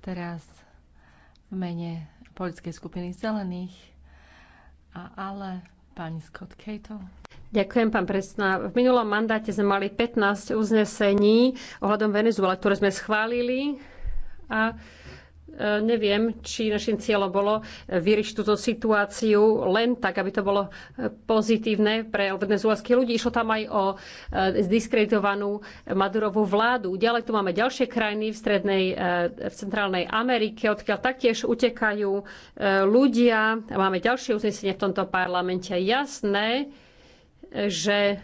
Teraz v mene politickej skupiny Zelených a ale pani Scott Cato. Ďakujem, pán predseda. V minulom mandáte sme mali 15 uznesení ohľadom Venezuela, ktoré sme schválili a E, neviem, či našim cieľom bolo e, vyriešiť túto situáciu len tak, aby to bolo e, pozitívne pre venezuelských ľudí. Išlo tam aj o zdiskreditovanú Madurovú vládu. Ďalej tu máme ďalšie krajiny v, strednej, v centrálnej Amerike, odkiaľ taktiež utekajú ľudia. Máme ďalšie uznesenie v tomto parlamente. Jasné, že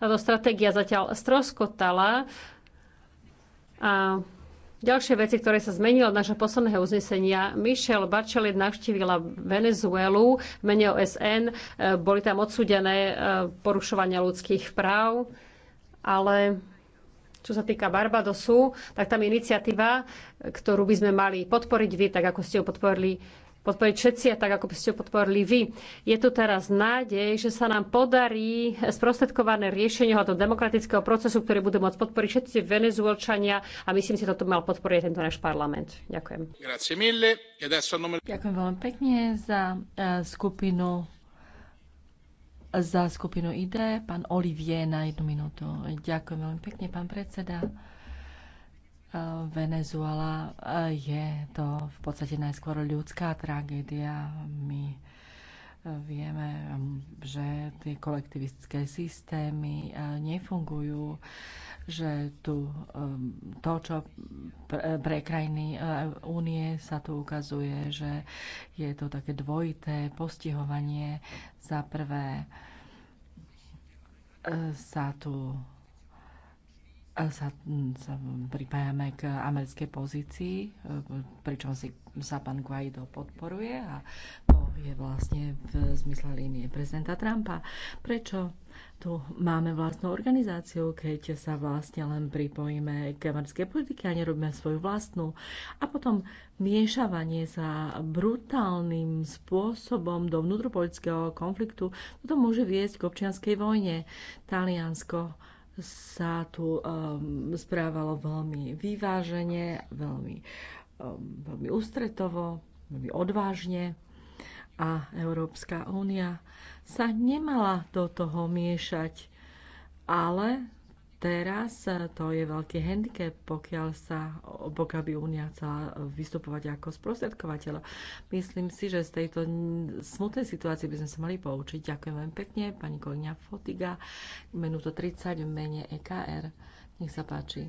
táto stratégia zatiaľ stroskotala a Ďalšie veci, ktoré sa zmenili od našho posledného uznesenia. Michelle Bachelet navštívila Venezuelu v mene OSN. E, boli tam odsúdené e, porušovania ľudských práv, ale čo sa týka Barbadosu, tak tam iniciatíva, ktorú by sme mali podporiť vy, tak ako ste ju podporili podporiť všetci a tak, ako by ste ho podporili vy. Je tu teraz nádej, že sa nám podarí sprostredkované riešenie toho demokratického procesu, ktorý bude môcť podporiť všetci venezuelčania a myslím si, že toto mal podporiť tento náš parlament. Ďakujem. E Ďakujem veľmi pekne za e, skupinu za skupinu ID, pán Olivier na jednu minútu. Ďakujem veľmi pekne, pán predseda. Venezuela eh, je to v podstate najskôr ľudská tragédia. My eh, vieme, mm, že tie kolektivistické systémy eh, nefungujú, že tu to, čo pre krajiny únie sa tu ukazuje, že je to také dvojité postihovanie. Za prvé sa tu sa, sa pripájame k americkej pozícii, e, pričom si, sa pán Guaido podporuje a to je vlastne v zmysle línie prezidenta Trumpa. Prečo tu máme vlastnú organizáciu, keď sa vlastne len pripojíme k americkej politike a nerobíme svoju vlastnú? A potom miešavanie sa brutálnym spôsobom do vnútropolitického konfliktu, toto môže viesť k občianskej vojne. Taliansko sa tu um, správalo veľmi vyvážene, veľmi, um, veľmi ústretovo, veľmi odvážne a Európska únia sa nemala do toho miešať, ale Teraz e, to je veľký handicap, pokiaľ, sa, pokiaľ by Únia chcela vystupovať ako sprostredkovateľ. Myslím si, že z tejto smutnej situácie by sme sa mali poučiť. Ďakujem veľmi pekne, pani kolegyňa Fotiga, minúto 30 mene EKR. Nech sa páči.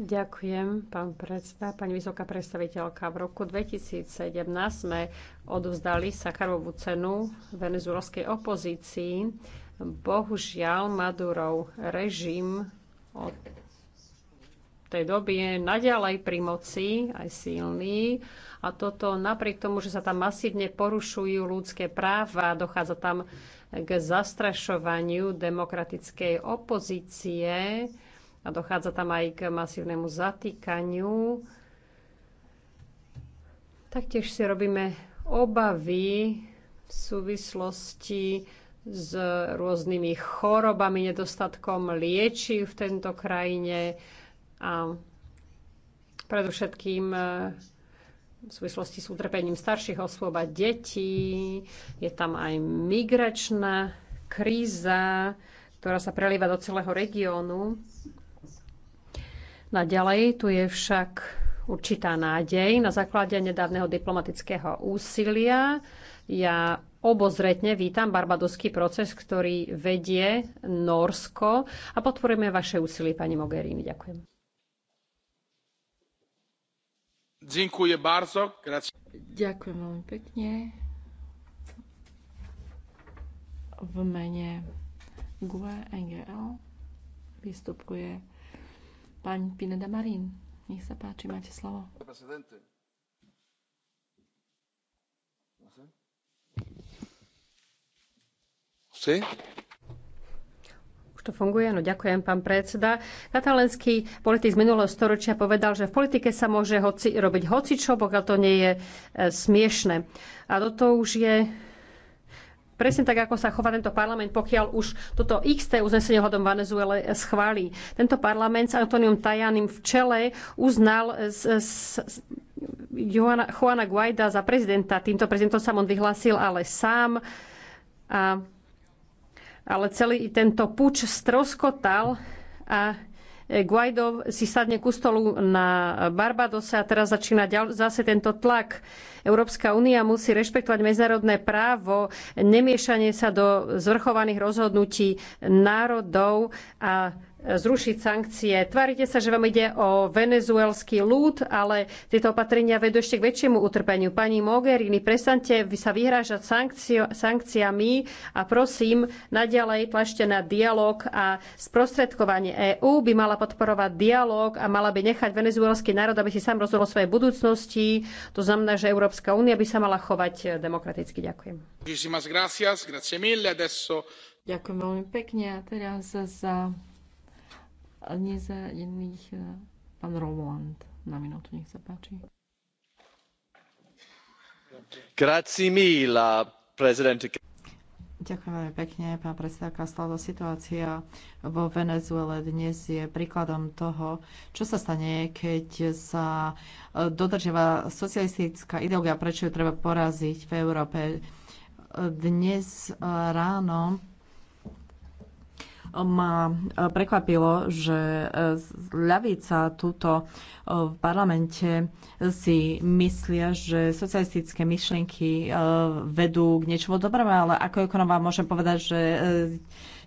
Ďakujem, pán predseda. Pani vysoká predstaviteľka, v roku 2017 sme odovzdali Sakarovú cenu venezuelskej opozícii Bohužiaľ, Madurov režim od tej doby je naďalej pri moci, aj silný. A toto napriek tomu, že sa tam masívne porušujú ľudské práva, dochádza tam k zastrašovaniu demokratickej opozície a dochádza tam aj k masívnemu zatýkaniu. Taktiež si robíme obavy v súvislosti s rôznymi chorobami, nedostatkom liečiv v tejto krajine a predovšetkým e, v súvislosti s utrpením starších osôb a detí. Je tam aj migračná kríza, ktorá sa prelieva do celého regiónu. Naďalej tu je však určitá nádej na základe nedávneho diplomatického úsilia. Ja obozretne vítam barbadoský proces, ktorý vedie Norsko a podporujeme vaše úsilie, pani Mogherini. Ďakujem. Ďakujem veľmi pekne. V mene GUE NGL vystupuje pani Pineda Marín. Nech sa páči, máte slovo. chce? Už to funguje, no ďakujem, pán predseda. Katalánsky politik z minulého storočia povedal, že v politike sa môže hoci, robiť hocičo, pokiaľ to nie je e, smiešne. A toto už je presne tak, ako sa chová tento parlament, pokiaľ už toto XT uznesenie hľadom Venezuele schválí. Tento parlament s Antonium Tajanim v čele uznal z, e, z, e, Juana, Juana Guaida za prezidenta. Týmto prezidentom sa on vyhlásil ale sám. A ale celý tento puč stroskotal a Guaido si sadne ku stolu na Barbadose a teraz začína ďal, zase tento tlak. Európska únia musí rešpektovať medzinárodné právo, nemiešanie sa do zvrchovaných rozhodnutí národov a zrušiť sankcie. Tvárite sa, že vám ide o venezuelský ľud, ale tieto opatrenia vedú ešte k väčšiemu utrpeniu. Pani Mogherini, prestante sa vyhrážať sankcio, sankciami a prosím, naďalej tlašte na dialog a sprostredkovanie EÚ by mala podporovať dialog a mala by nechať venezuelský národ, aby si sám rozhodol svojej budúcnosti. To znamená, že Európska únia by sa mala chovať demokraticky. Ďakujem. Ďakujem veľmi pekne a teraz za nezaradených e, pán Roland na minútu, nech sa páči. Ďakujem veľmi pekne, pán predseda Kastaldo. Situácia vo Venezuele dnes je príkladom toho, čo sa stane, keď sa e, dodržiava socialistická ideológia, prečo ju treba poraziť v Európe. E, dnes ráno ma e, prekvapilo, že e, ľavica túto e, v parlamente si myslia, že socialistické myšlienky vedú k niečomu dobrému, ale ako ekonomá môžem povedať, že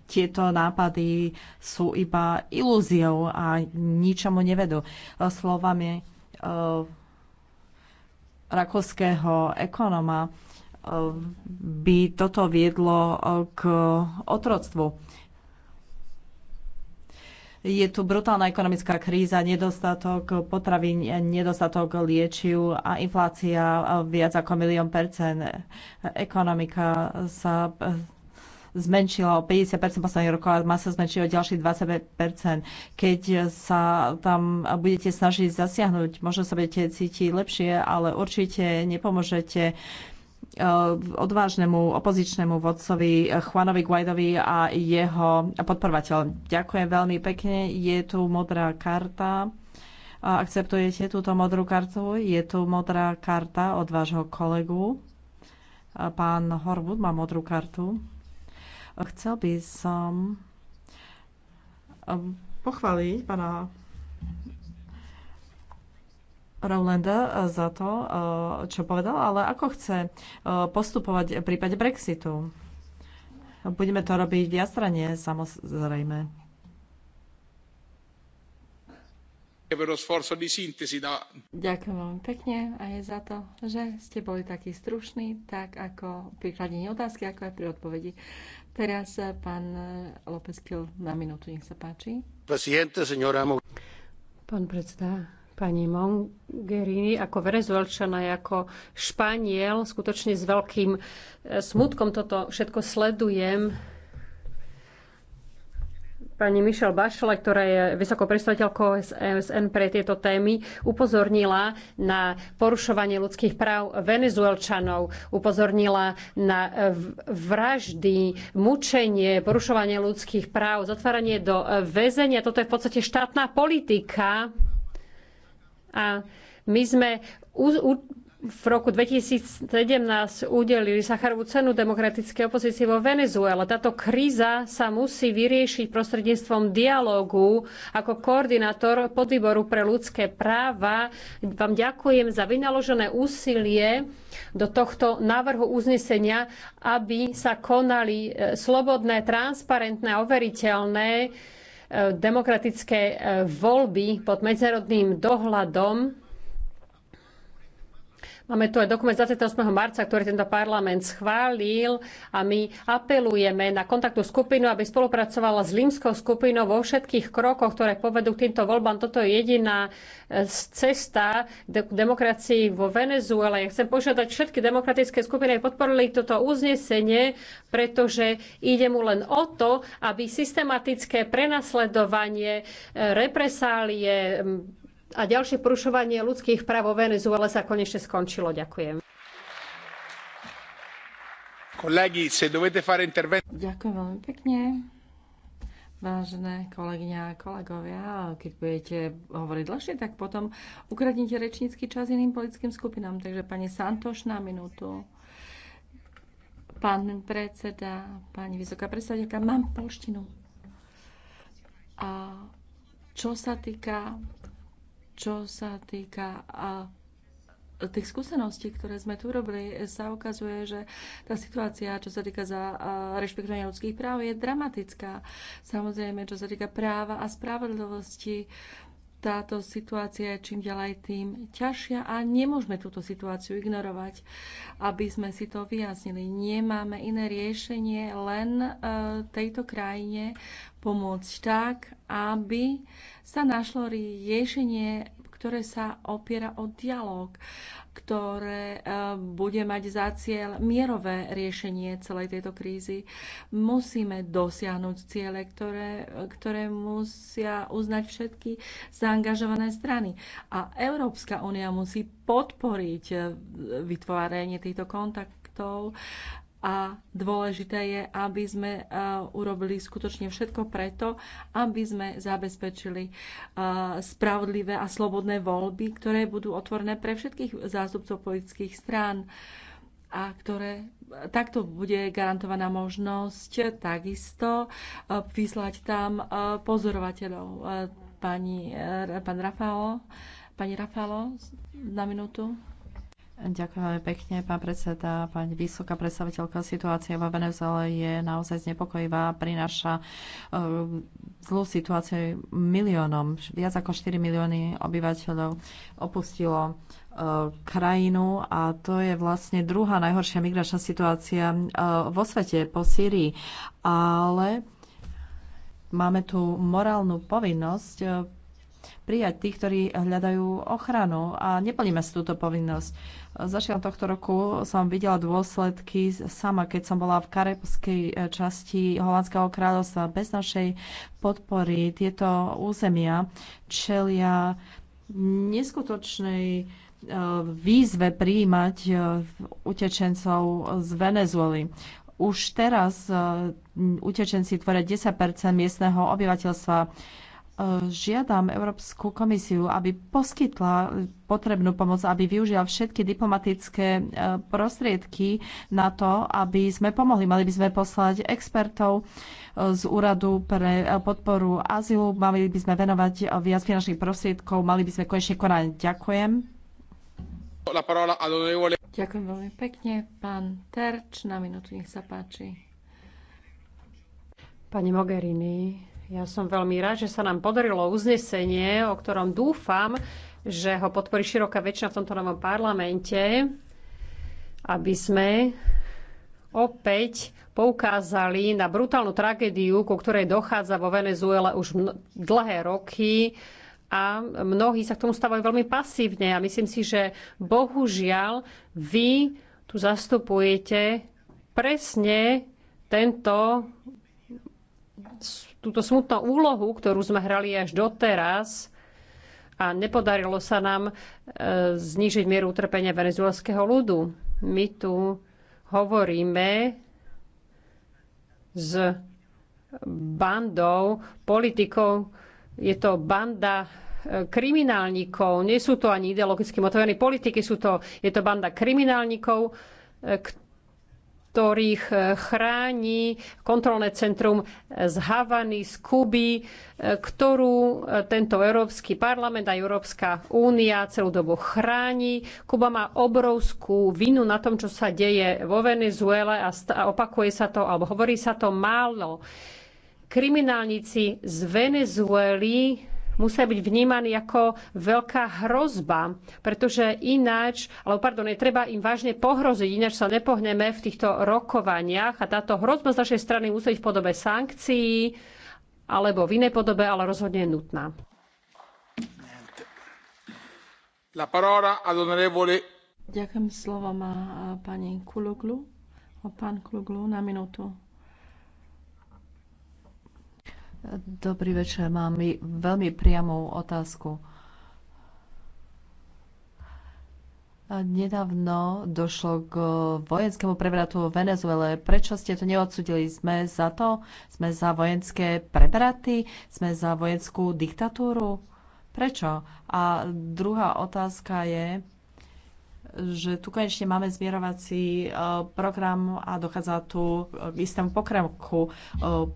tieto nápady sú iba ilúziou a ničomu nevedú. Slovami rakúskeho ekonoma by toto viedlo k otroctvu. Je tu brutálna ekonomická kríza, nedostatok potravín, nedostatok liečiv a inflácia viac ako milión percent. Ekonomika sa zmenšila o 50% posledných rokov a má sa zmenšiť o ďalších 20%. Keď sa tam budete snažiť zasiahnuť, možno sa budete cítiť lepšie, ale určite nepomôžete Eh, odvážnemu opozičnému vodcovi eh, Juanovi Guaidovi a jeho podporovateľom. Ďakujem veľmi pekne. Je tu modrá karta. Akceptujete túto modrú kartu? Je tu modrá karta od vášho kolegu. Pán Horvud má modrú kartu. Chcel by som eh, pochváliť pána Rowlanda e, za to, e, čo povedal, ale ako chce e, postupovať v prípade Brexitu. Budeme to robiť viacranie, samozrejme. Ďakujem veľmi pekne aj za to, že ste boli takí strušní, tak ako pri kladení otázky, ako aj pri odpovedi. Teraz pán López na minútu, nech sa páči. Pán predseda, Pani Mongerini ako venezuelčana, ako Španiel, skutočne s veľkým e, smutkom toto všetko sledujem. Pani Michelle Bachelet, ktorá je vysokou predstaviteľkou SN pre tieto témy, upozornila na porušovanie ľudských práv venezuelčanov, upozornila na vraždy, mučenie, porušovanie ľudských práv, zatváranie do väzenia. Toto je v podstate štátna politika a my sme u, u, v roku 2017 udelili Sacharovú cenu demokratickej opozície vo Venezuele. Táto kríza sa musí vyriešiť prostredníctvom dialogu. Ako koordinátor podvýboru pre ľudské práva vám ďakujem za vynaložené úsilie do tohto návrhu uznesenia, aby sa konali e, slobodné, transparentné, overiteľné demokratické eh, voľby pod medzárodným dohľadom Máme tu aj dokument z 28. marca, ktorý tento parlament schválil a my apelujeme na kontaktnú skupinu, aby spolupracovala s límskou skupinou vo všetkých krokoch, ktoré povedú k týmto voľbám. Toto je jediná e, cesta k demokracii vo Venezuele. Ja chcem požiadať všetky demokratické skupiny, aby podporili toto uznesenie, pretože ide mu len o to, aby systematické prenasledovanie, e, represálie, a ďalšie porušovanie ľudských práv vo Venezuele sa konečne skončilo. Ďakujem. Kolegi, se dovete fare interven- Ďakujem veľmi pekne. Vážené kolegyňa a kolegovia, keď budete hovoriť dlhšie, tak potom ukradnite rečnícky čas iným politickým skupinám. Takže pani Santoš na minútu. Pán predseda, pani vysoká predstaviteľka, mám polštinu. A čo sa týka čo sa týka tých skúseností, ktoré sme tu robili, sa ukazuje, že tá situácia, čo sa týka za rešpektovanie ľudských práv, je dramatická. Samozrejme, čo sa týka práva a spravodlivosti, táto situácia je čím ďalej tým ťažšia a nemôžeme túto situáciu ignorovať. Aby sme si to vyjasnili, nemáme iné riešenie, len e, tejto krajine pomôcť tak, aby sa našlo riešenie ktoré sa opiera o dialog, ktoré e, bude mať za cieľ mierové riešenie celej tejto krízy. Musíme dosiahnuť ciele, ktoré, ktoré musia uznať všetky zaangažované strany. A Európska únia musí podporiť e, vytváranie týchto kontaktov kontaktov a dôležité je, aby sme e, urobili skutočne všetko preto, aby sme zabezpečili e, spravodlivé a slobodné voľby, ktoré budú otvorené pre všetkých zástupcov politických strán a ktoré takto bude garantovaná možnosť takisto e, vyslať tam pozorovateľov. Pani, pán Rafalo, pani Rafalo, na minútu. Ďakujem veľmi pekne, pán predseda. Pani vysoká predstaviteľka, situácia vo Venezuele je naozaj znepokojivá, prináša e, zlú situáciu miliónom. Viac ako 4 milióny obyvateľov opustilo e, krajinu a to je vlastne druhá najhoršia migračná situácia e, vo svete po Sýrii. Ale máme tu morálnu povinnosť prijať tých, ktorí hľadajú ochranu a neplníme si túto povinnosť. Začiatkom tohto roku som videla dôsledky sama, keď som bola v karibskej e, časti Holandského kráľovstva. Bez našej podpory tieto územia čelia neskutočnej e, výzve príjmať e, utečencov z Venezuely. Už teraz utečenci tvoria 10 miestneho obyvateľstva žiadam Európsku komisiu, aby poskytla potrebnú pomoc, aby využila všetky diplomatické e, prostriedky na to, aby sme pomohli. Mali by sme poslať expertov e, z úradu pre e, podporu azylu, mali by sme venovať viac finančných prostriedkov, mali by sme konečne konať. Ďakujem. Ďakujem veľmi pekne. Pán Terč, na minútu nech sa páči. Pani Mogherini, ja som veľmi rád, že sa nám podarilo uznesenie, o ktorom dúfam, že ho podporí široká väčšina v tomto novom parlamente, aby sme opäť poukázali na brutálnu tragédiu, ku ktorej dochádza vo Venezuele už dlhé roky a mnohí sa k tomu stávajú veľmi pasívne a myslím si, že bohužiaľ vy tu zastupujete presne tento túto smutnú úlohu, ktorú sme hrali až doteraz a nepodarilo sa nám e, znižiť mieru utrpenia venezuelského ľudu. My tu hovoríme s bandou politikov, je to banda e, kriminálnikov, nie sú to ani ideologicky motivovaní politiky, sú to, je to banda kriminálnikov, e, ktorých e, chráni kontrolné centrum e, z Havany, z Kuby, e, ktorú tento Európsky parlament a Európska únia celú dobu chráni. Kuba má obrovskú vinu na tom, čo sa deje vo Venezuele a opakuje sa to, alebo hovorí sa to málo. Kriminálnici z Venezuely musia byť vnímaní ako veľká hrozba, pretože ináč, alebo pardon, je treba im vážne pohroziť, ináč sa nepohneme v týchto rokovaniach a táto hrozba z našej strany musí byť v podobe sankcií alebo v inej podobe, ale rozhodne je nutná. La parola ad onorevole. Ďakujem slovo má pani Kuluglu. Pán Kluglu na minútu. Dobrý večer, mám veľmi priamú otázku. Nedávno došlo k vojenskému prevratu v Venezuele. Prečo ste to neodsudili? Sme za to? Sme za vojenské prevraty? Sme za vojenskú diktatúru? Prečo? A druhá otázka je, že tu konečne máme zmierovací e, program a dochádza tu k istému pokremku e,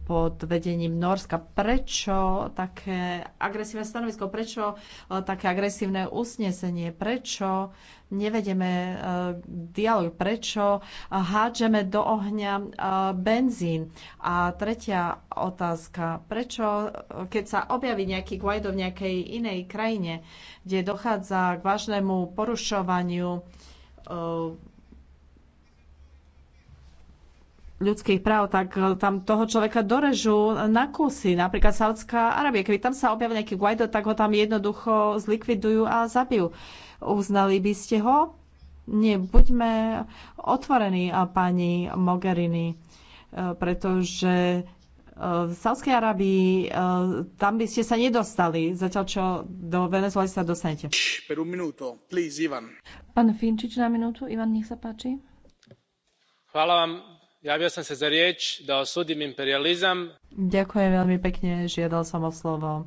pod vedením Norska. Prečo také agresívne stanovisko? Prečo e, také agresívne usnesenie? Prečo nevedeme e, dialog, prečo hádžeme do ohňa e, benzín. A tretia otázka, prečo e, keď sa objaví nejaký Guaido v nejakej inej krajine, kde dochádza k vážnemu porušovaniu ľudských práv, tak tam toho človeka dorežú na kusy. Napríklad Saudská Arábia. Keby tam sa objaví nejaký Guaido, tak ho tam jednoducho zlikvidujú a zabijú. Uh, Uznali by ste ho? Nie, buďme otvorení, a pani Mogherini, e, pretože e, v Sávskej Arabii e, tam by ste sa nedostali, zatiaľ čo do Venezuely sa dostanete. Pán Finčič na minútu. Ivan, nech sa páči. Hvala vám. Javil som sa za rieč, da osudím imperializam. Ďakujem veľmi pekne, žiadal som o slovo,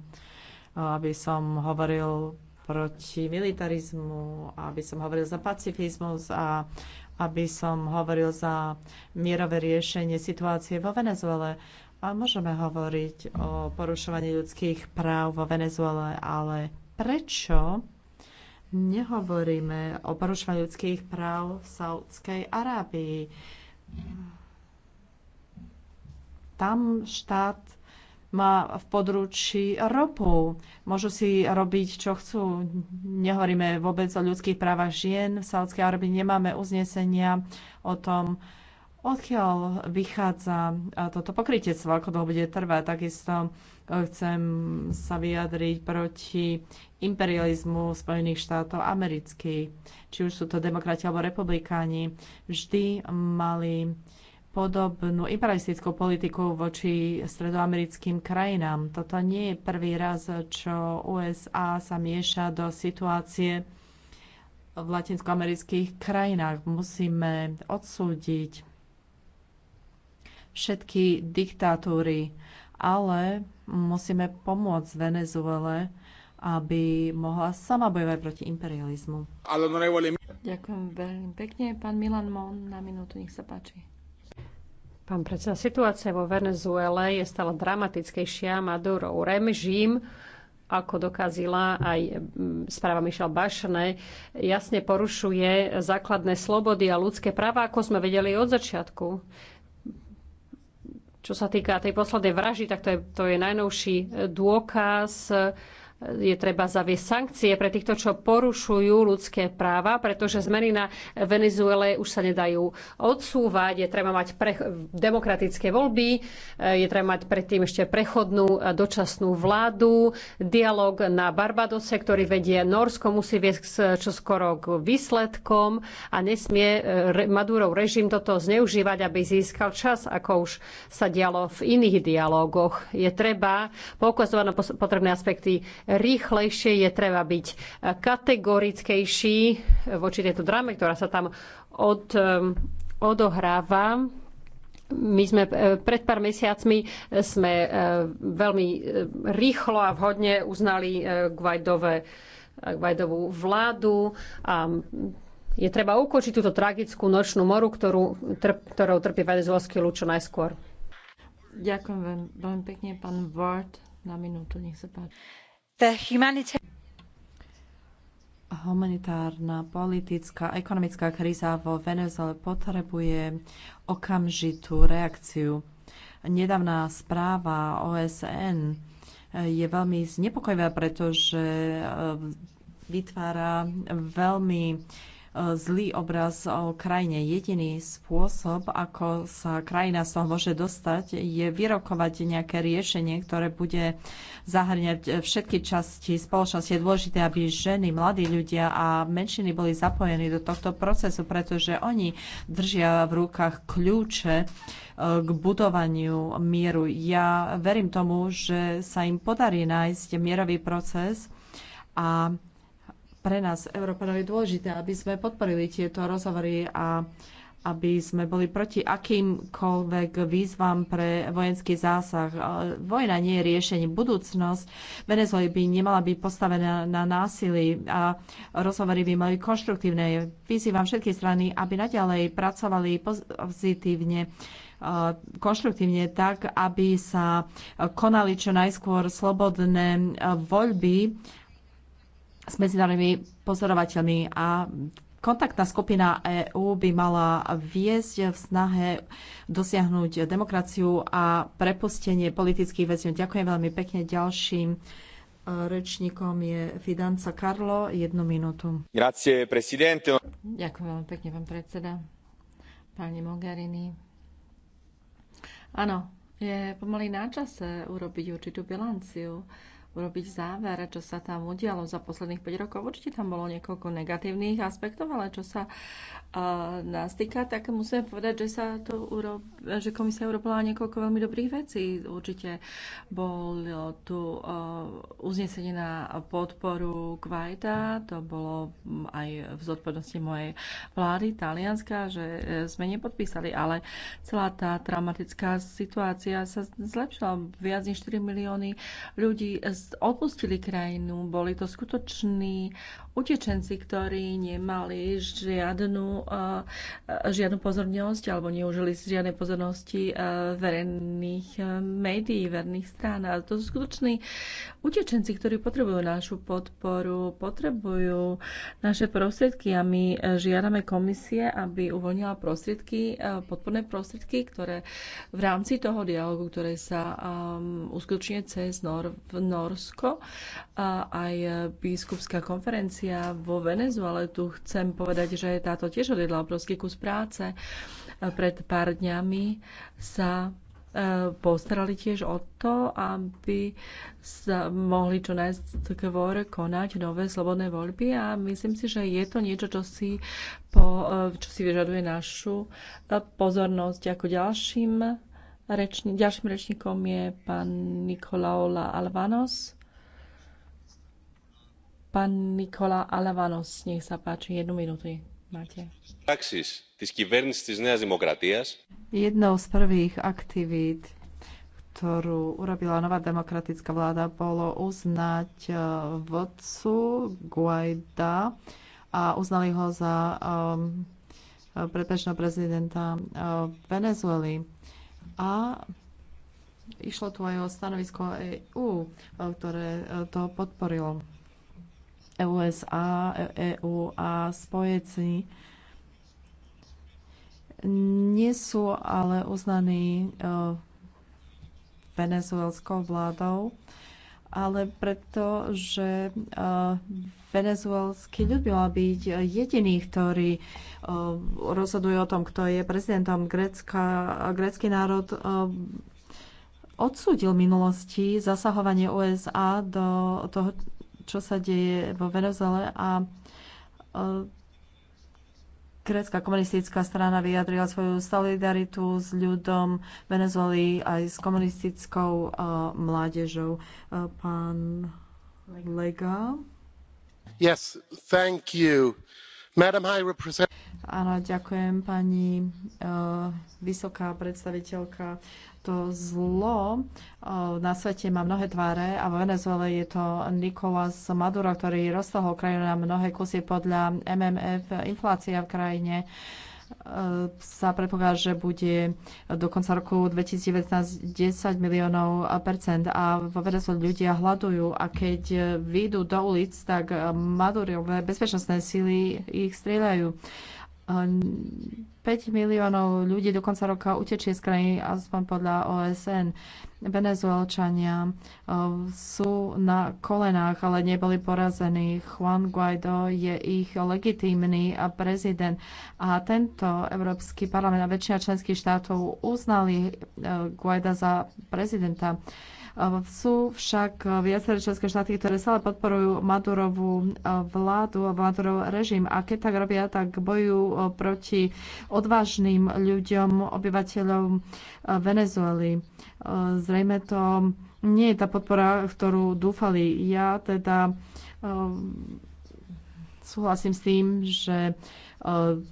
aby som hovoril proti militarizmu, aby som hovoril za pacifizmus a aby som hovoril za mierové riešenie situácie vo Venezuele. A môžeme hovoriť o porušovaní ľudských práv vo Venezuele, ale prečo nehovoríme o porušovaní ľudských práv v Saudskej Arábii? Tam štát má v područí ropu. Môžu si robiť, čo chcú. Nehovoríme vôbec o ľudských právach žien. V Saudskej Arabii nemáme uznesenia o tom, odkiaľ vychádza toto pokrytectvo, ako dlho bude trvať. Takisto chcem sa vyjadriť proti imperializmu Spojených štátov amerických. Či už sú to demokrati alebo republikáni, vždy mali podobnú imperialistickú politiku voči stredoamerickým krajinám. Toto nie je prvý raz, čo USA sa mieša do situácie v latinskoamerických krajinách. Musíme odsúdiť všetky diktatúry, ale musíme pomôcť Venezuele, aby mohla sama bojovať proti imperializmu. Ďakujem veľmi pekne. Pán Milan Mon na minútu, nech sa páči. Pán predseda, situácia vo Venezuele je stále dramatickejšia. Madurov režim, ako dokázala aj mm, správa Michel Bašne, jasne porušuje základné slobody a ľudské práva, ako sme vedeli od začiatku. Čo sa týka tej poslednej vraždy, tak to je, to je najnovší e, dôkaz je treba zaviesť sankcie pre týchto, čo porušujú ľudské práva, pretože zmeny na Venezuele už sa nedajú odsúvať. Je treba mať pre, demokratické voľby, eh, je treba mať predtým ešte prechodnú eh, dočasnú vládu, dialog na Barbadose, ktorý vedie Norsko, musí viesť čoskoro k výsledkom a nesmie eh, Madurov režim toto zneužívať, aby získal čas, ako už sa dialo v iných dialogoch. Je treba poukazovať na potrebné aspekty rýchlejšie, je treba byť kategorickejší voči tejto drame, ktorá sa tam od, um, odohráva. My sme e, pred pár mesiacmi sme e, veľmi e, rýchlo a vhodne uznali Guaidové, Guaidovú vládu a je treba ukočiť túto tragickú nočnú moru, ktorú, trp, ktorou trpí venezuelský ľud čo najskôr. Ďakujem veľmi pekne, pán Ward, na minútu, nech sa páči. Humanitárna, politická, ekonomická kríza vo Venezuele potrebuje okamžitú reakciu. Nedávna správa OSN je veľmi znepokojivá, pretože eh, vytvára veľmi zlý obraz o krajine. Jediný spôsob, ako sa krajina z toho môže dostať, je vyrokovať nejaké riešenie, ktoré bude zahrňať všetky časti spoločnosti. Je dôležité, aby ženy, mladí ľudia a menšiny boli zapojení do tohto procesu, pretože oni držia v rukách kľúče eh, k budovaniu mieru. Ja verím tomu, že sa im podarí nájsť mierový proces a pre nás, Európanov, je dôležité, aby sme podporili tieto rozhovory a aby sme boli proti akýmkoľvek výzvam pre vojenský zásah. Vojna nie je riešenie. Budúcnosť Venezuely by nemala byť postavená na násilí a rozhovory by mali konštruktívne. Vyzývam všetky strany, aby naďalej pracovali pozitívne e, konštruktívne tak, aby sa konali čo najskôr slobodné e, voľby s medzinárodnými pozorovateľmi a kontaktná skupina EÚ by mala viesť v snahe dosiahnuť demokraciu a prepustenie politických väzňov. Ďakujem veľmi pekne ďalším e, rečníkom je Fidanca Karlo. Jednu minútu. Grazie, presidente. Ďakujem veľmi pekne, pán predseda. Pani Mogherini. Áno, je pomaly na čase urobiť určitú bilanciu urobiť záver, čo sa tam udialo za posledných 5 rokov. Určite tam bolo niekoľko negatívnych aspektov, ale čo sa nás týka, tak musím povedať, že, sa to urob, že komisia urobila niekoľko veľmi dobrých vecí. Určite bolo tu uh, uznesenie na podporu Kvajta, to bolo mm, aj v zodpovednosti mojej vlády, talianska, že eh, sme nepodpísali, ale celá tá dramatická situácia sa zlepšila. Viac než 4 milióny ľudí eh, opustili krajinu, boli to skutoční utečenci, ktorí nemali žiadnu žiadnu, pozornosť alebo neužili si žiadnej pozornosti verejných e, médií, verejných strán. A to sú skutoční utečenci, ktorí potrebujú našu podporu, potrebujú naše prostriedky a my e, žiadame komisie, aby uvoľnila prostriedky, e, podporné prostriedky, ktoré v rámci toho dialogu, ktoré sa uskutočňuje uskutočne cez Nor- Norsko, a aj biskupská konferencia vo Venezuele. Tu chcem povedať, že táto tiež odvedla obrovský kus práce. Pred pár dňami sa e, postarali tiež o to, aby sa mohli čo najskôr konať nové slobodné voľby a myslím si, že je to niečo, čo si, po, e, čo si vyžaduje našu e, pozornosť. Ako ďalším, rečni, ďalším rečníkom je pán Nikolaola Alvanos. Pán Nikola Alvanos, nech sa páči, jednu minútu máte. Jednou z prvých aktivít, ktorú urobila nová demokratická vláda, bolo uznať e, vodcu Guaida a uznali ho za um, predbežného prezidenta Venezuely. A išlo tu aj o stanovisko EÚ, ktoré to podporilo. USA, EU a spojenci nie sú ale uznaní e, venezuelskou vládou, ale preto, že e, venezuelský ľud by byť jediný, ktorý e, rozhoduje o tom, kto je prezidentom Grécka. Grécky národ odsúdil v minulosti zasahovanie USA do toho, čo sa deje vo Venezuele a e, Grécka komunistická strana vyjadrila svoju solidaritu s ľudom Venezuely aj s komunistickou e, mládežou. E, pán Lega. Yes, thank you. Áno, ďakujem pani uh, vysoká predstaviteľka. To zlo uh, na svete má mnohé tváre a vo Venezuele je to Nicolás Maduro, ktorý roztrhol krajinu na mnohé kusy podľa MMF. Inflácia v krajine uh, sa predpokladá, že bude do konca roku 2019 10 miliónov percent a vo sa ľudia hľadujú a keď výjdu do ulic, tak Madurové bezpečnostné síly ich strieľajú. 5 miliónov ľudí do konca roka utečie z krajiny, aspoň podľa OSN. Venezuelčania eh, sú na kolenách, ale neboli porazení. Juan Guaido je ich legitímny prezident. A tento Európsky parlament a väčšina členských štátov uznali eh, Guaida za prezidenta. Sú však viaceré členské štáty, ktoré stále podporujú Madurovú eh, vládu a Madurov režim. A keď tak robia, tak bojujú eh, proti odvážnym ľuďom, obyvateľom eh, Venezuely. Zrejme to nie je tá podpora, ktorú dúfali. Ja teda súhlasím s tým, že e,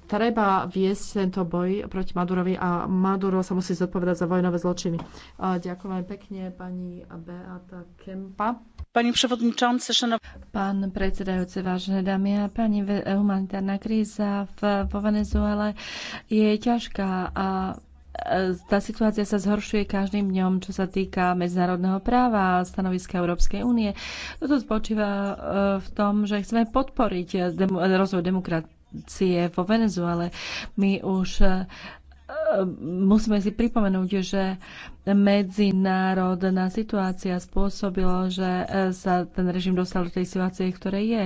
treba viesť tento boj proti Madurovi a Maduro sa musí zodpovedať za vojnové zločiny. E, ďakujem pekne pani Beata Kempa. Pani przewodnicząca, szanowni... Pan predsedajúci, vážne dámy a pani humanitárna kríza v, vo Venezuele je ťažká a E, tá situácia sa zhoršuje každým dňom, čo sa týka medzinárodného práva a stanoviska Európskej únie. Toto spočíva e, v tom, že chceme podporiť rozvoj demokracie vo Venezuele. My už e, musíme si pripomenúť, že medzinárodná situácia spôsobila, že sa ten režim dostal do tej situácie, ktorej je.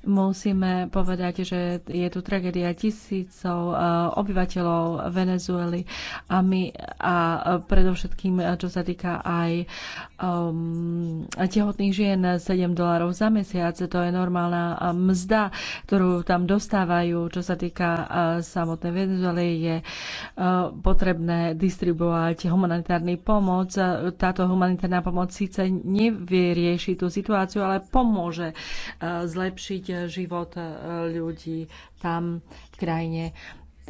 Musíme povedať, že je tu tragédia tisícov eh, obyvateľov Venezuely a my a predovšetkým, eh, čo sa týka aj um, tehotných žien, 7 dolárov za mesiac, to je normálna eh, mzda, ktorú tam dostávajú. Čo sa týka samotnej Venezuely, je potrebné distribuovať humanitárny pomoc. Táto humanitárna pomoc síce nevyrieši tú situáciu, ale pomôže zlepšiť Eh, život eh, ľudí tam v krajine.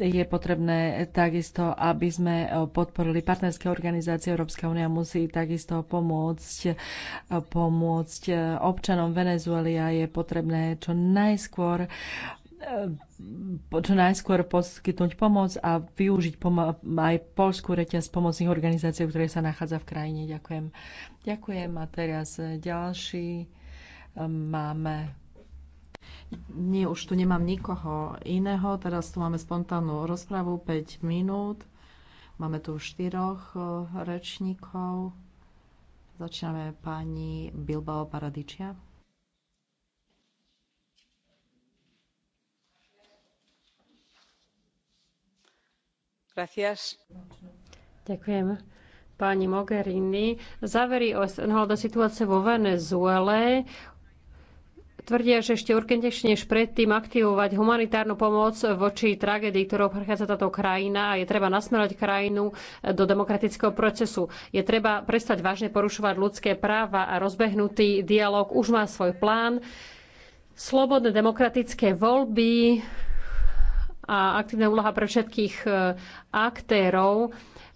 Je potrebné takisto, aby sme eh, podporili partnerské organizácie. Európska únia musí takisto pomôcť, pomôcť občanom Venezuely a je potrebné čo najskôr čo najskôr poskytnúť pomoc a využiť pom- aj polskú reťaz pomocných organizácií, ktoré sa nachádza v krajine. Ďakujem. Ďakujem a teraz ďalší máme nie, už tu nemám nikoho iného. Teraz tu máme spontánnu rozpravu 5 minút. Máme tu štyroch e, rečníkov. Začíname pani Bilbao Paradičia. Gracias. Ďakujem. Pani Mogherini, závery o no, situácie vo Venezuele tvrdia, že ešte urgentnejšie než predtým aktivovať humanitárnu pomoc voči tragédii, ktorou prechádza táto krajina a je treba nasmerovať krajinu do demokratického procesu. Je treba prestať vážne porušovať ľudské práva a rozbehnutý dialog už má svoj plán. Slobodné demokratické voľby a aktívna úloha pre všetkých e, aktérov.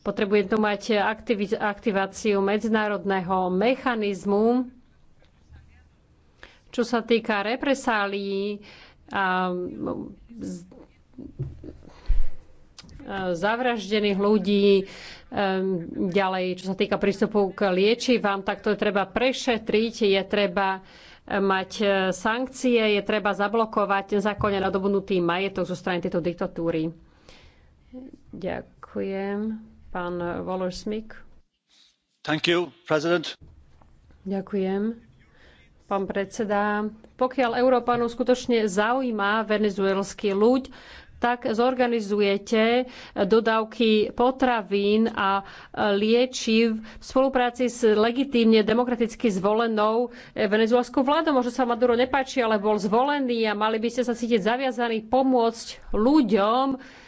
Potrebuje tu mať aktiviz- aktiváciu medzinárodného mechanizmu čo sa týka represálií a zavraždených ľudí, ďalej, čo sa týka prístupu k liečivám, tak to je treba prešetriť, je treba e, mať e, sankcie, je treba zablokovať nezákonne nadobudnutý majetok zo strany tejto diktatúry. Ďakujem. Pán Wallersmik. Thank you, president. Ďakujem pán predseda. Pokiaľ Európanu skutočne zaujíma venezuelský ľuď, tak zorganizujete dodávky potravín a liečiv v spolupráci s legitímne demokraticky zvolenou venezuelskou vládou. Možno sa Maduro nepáči, ale bol zvolený a mali by ste sa cítiť zaviazaní pomôcť ľuďom,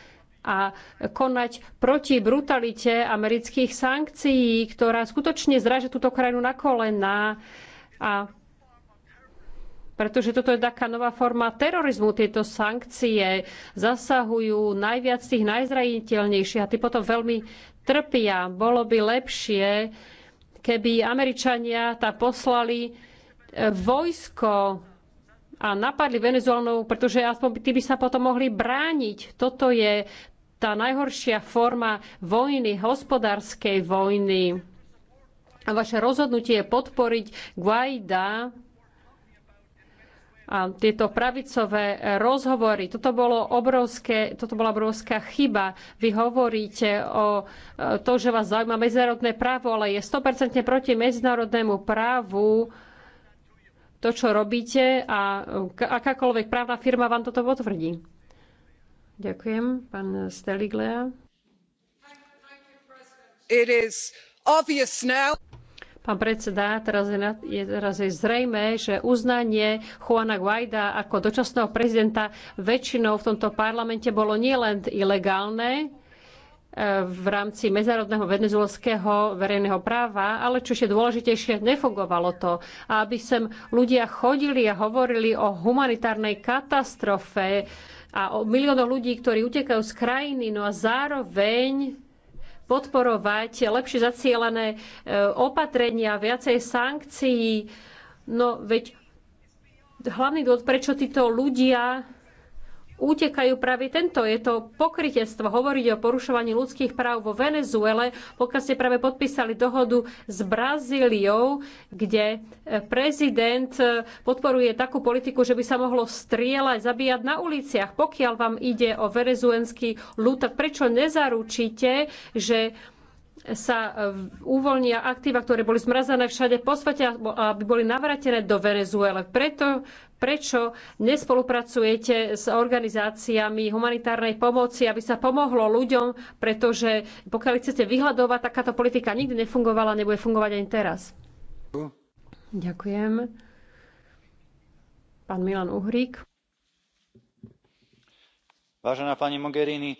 a konať proti brutalite amerických sankcií, ktorá skutočne zraže túto krajinu na kolená. A pretože toto je taká nová forma terorizmu. Tieto sankcie zasahujú najviac tých najzraniteľnejších a tí potom veľmi trpia. Bolo by lepšie, keby Američania tá poslali e, vojsko a napadli Venezuelnou, pretože aspoň tí by sa potom mohli brániť. Toto je tá najhoršia forma vojny, hospodárskej vojny. A vaše rozhodnutie podporiť Guaida a tieto pravicové e, rozhovory. Toto, bolo obrovské, toto bola obrovská chyba. Vy hovoríte o e, to, že vás zaujíma medzinárodné právo, ale je 100% proti medzinárodnému právu to, čo robíte a e, akákoľvek právna firma vám toto potvrdí. Ďakujem. Pán Steliglea. It is obvious now. Pán predseda, teraz je, je, teraz je zrejme, že uznanie Juana Guaida ako dočasného prezidenta väčšinou v tomto parlamente bolo nielen ilegálne, e, v rámci medzinárodného venezuelského verejného práva, ale čo je dôležitejšie, nefungovalo to. A aby sem ľudia chodili a hovorili o humanitárnej katastrofe a o miliónoch ľudí, ktorí utekajú z krajiny, no a zároveň podporovať lepšie zacielené e, opatrenia, viacej sankcií. No veď hlavný dôvod, prečo títo ľudia utekajú práve tento. Je to pokrytectvo hovoriť o porušovaní ľudských práv vo Venezuele, pokiaľ ste práve podpísali dohodu s Brazíliou, kde e, prezident e, podporuje takú politiku, že by sa mohlo strieľať, zabíjať na uliciach. Pokiaľ vám ide o venezuelský ľud, tak prečo nezaručíte, že sa e, uvoľnia aktíva, ktoré boli zmrazané všade po svete, aby boli navratené do Venezuele. Preto, prečo nespolupracujete s organizáciami humanitárnej pomoci, aby sa pomohlo ľuďom, pretože pokiaľ chcete vyhľadovať, takáto politika nikdy nefungovala, nebude fungovať ani teraz. Ďakujem. Pán Milan Uhrík. Vážená pani Mogherini,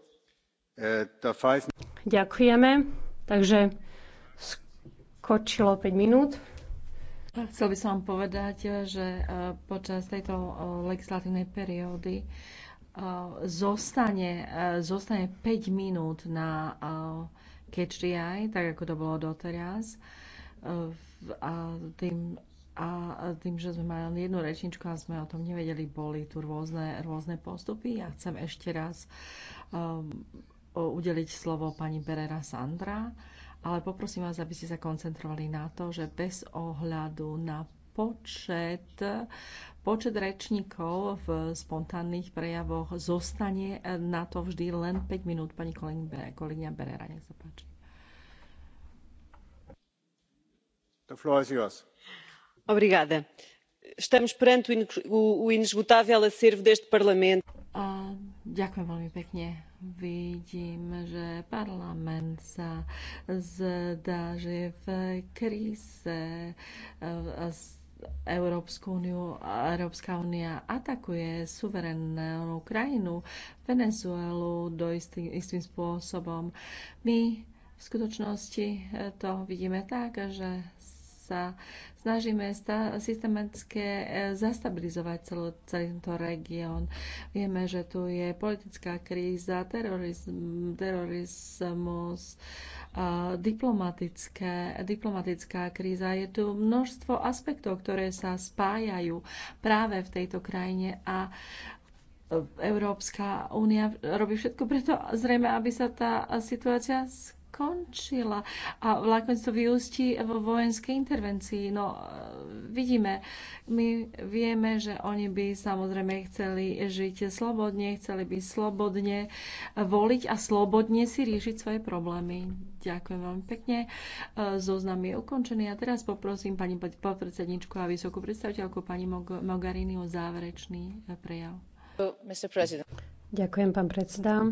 Ďakujeme. Takže skočilo 5 minút. Chcel by som povedať, že e, počas tejto e, legislatívnej periódy e, zostane, zostane 5 minút na catch the eye, tak ako to bolo doteraz. A tým, a tým, že sme mali len jednu rečničku a sme o tom nevedeli, boli tu rôzne, rôzne postupy. Ja chcem ešte raz um, udeliť slovo pani Berera Sandra, ale poprosím vás, aby ste sa koncentrovali na to, že bez ohľadu na počet, počet rečníkov v spontánnych prejavoch zostane na to vždy len 5 minút. Pani kolegyňa Berera, nech sa páči. The floor is yours. Obrigada. Estamos perante o inesgotável acervo deste Parlamento. A Ďakujem veľmi pekne. Vidím, že parlament sa zdá, že je v kríze. Eh, Európsku úniu, Európska únia atakuje suverénnu krajinu, Venezuelu, do istý, istým spôsobom. My v skutočnosti to vidíme tak, že sa snažíme systematické e, zastabilizovať celý tento región. Vieme, že tu je politická kríza, terorizm, terorizmus, e, diplomatické, diplomatická kríza. Je tu množstvo aspektov, ktoré sa spájajú práve v tejto krajine a Európska únia robí všetko preto, zrejme, aby sa tá situácia skončila a vlákoň to vyústi vo vojenskej intervencii. No e, vidíme, my vieme, že oni by samozrejme chceli žiť slobodne, chceli by slobodne voliť a slobodne si riešiť svoje problémy. Ďakujem veľmi pekne. E, zoznam je ukončený a teraz poprosím pani podpredsedničku a vysokú predstaviteľku pani Mogarini o záverečný e, prejav. Ďakujem, pán predseda.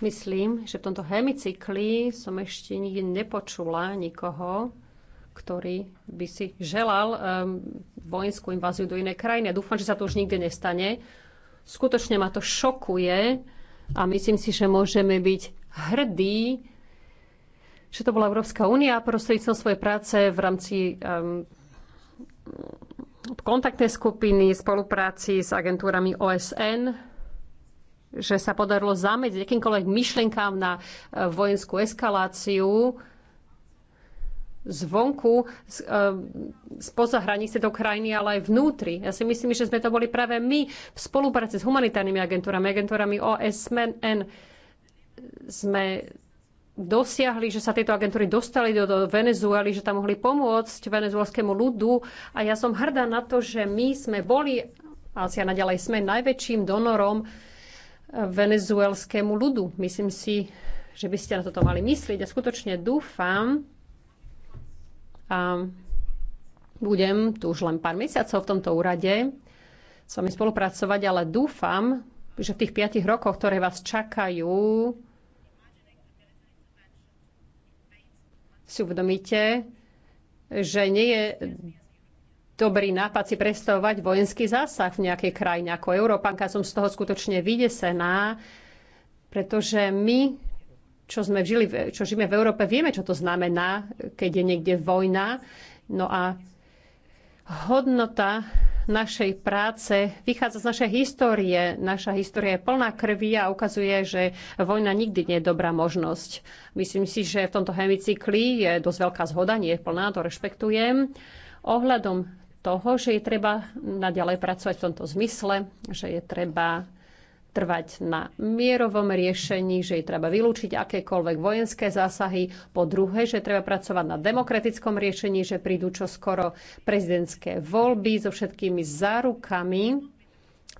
Myslím, že v tomto hemicykli som ešte nikdy nepočula nikoho, ktorý by si želal um, vojenskú inváziu do inej krajiny. A dúfam, že sa to už nikdy nestane. Skutočne ma to šokuje a myslím si, že môžeme byť hrdí, že to bola Európska únia prostredníctvom svojej práce v rámci um, kontaktnej skupiny, spolupráci s agentúrami OSN že sa podarilo zamedziť akýmkoľvek myšlienkám na e, vojenskú eskaláciu zvonku, e, spoza hranice do krajiny, ale aj vnútri. Ja si myslím, že sme to boli práve my v spolupráci s humanitárnymi agentúrami, agentúrami OSMN. sme dosiahli, že sa tieto agentúry dostali do, do Venezuely, že tam mohli pomôcť venezuelskému ľudu. A ja som hrdá na to, že my sme boli, a asi naďalej sme najväčším donorom venezuelskému ľudu. Myslím si, že by ste na toto mali myslieť a skutočne dúfam a budem tu už len pár mesiacov v tomto úrade s vami spolupracovať, ale dúfam, že v tých piatich rokoch, ktoré vás čakajú, si uvedomíte, že nie je dobrý nápad si predstavovať vojenský zásah v nejakej krajine. Ako Európanka som z toho skutočne vydesená, pretože my, čo, sme žili, čo žijeme v Európe, vieme, čo to znamená, keď je niekde vojna. No a hodnota našej práce vychádza z našej histórie. Naša história je plná krvi a ukazuje, že vojna nikdy nie je dobrá možnosť. Myslím si, že v tomto hemicykli je dosť veľká zhoda, nie je plná, to rešpektujem. Ohľadom toho, že je treba naďalej pracovať v tomto zmysle, že je treba trvať na mierovom riešení, že je treba vylúčiť akékoľvek vojenské zásahy. Po druhé, že treba pracovať na demokratickom riešení, že prídu čoskoro prezidentské voľby so všetkými zárukami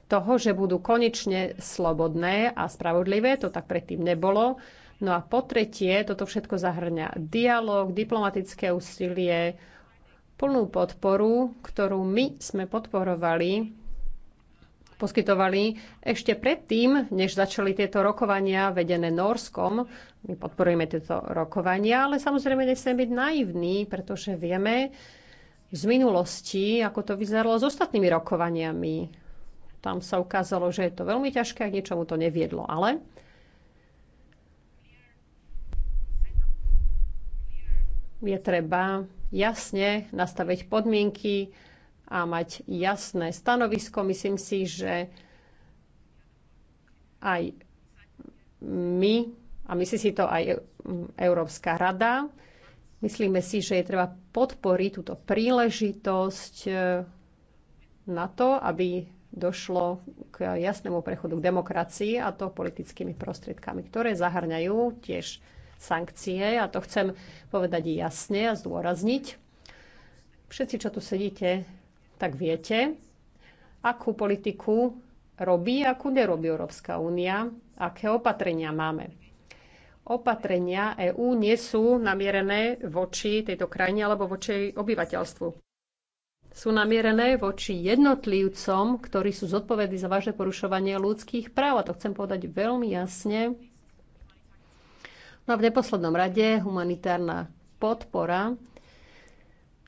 toho, že budú konečne slobodné a spravodlivé. To tak predtým nebolo. No a po tretie, toto všetko zahrňa dialog, diplomatické úsilie, plnú podporu, ktorú my sme podporovali, poskytovali ešte predtým, než začali tieto rokovania vedené Norskom. My podporujeme tieto rokovania, ale samozrejme nechceme byť naivní, pretože vieme z minulosti, ako to vyzeralo s ostatnými rokovaniami. Tam sa ukázalo, že je to veľmi ťažké a k to neviedlo. Ale je treba jasne nastaviť podmienky a mať jasné stanovisko. Myslím si, že aj my, a myslí si to aj Európska rada, myslíme si, že je treba podporiť túto príležitosť eh, na to, aby došlo k jasnému prechodu k demokracii a to politickými prostriedkami, ktoré zahrňajú tiež sankcie a to chcem povedať jasne a zdôrazniť. Všetci, čo tu sedíte, tak viete, akú politiku robí, akú nerobí Európska únia, aké opatrenia máme. Opatrenia EÚ nie sú namierené voči tejto krajine alebo voči obyvateľstvu sú namierené voči jednotlivcom, ktorí sú zodpovední za vážne porušovanie ľudských práv. A to chcem povedať veľmi jasne. No a v neposlednom rade humanitárna podpora.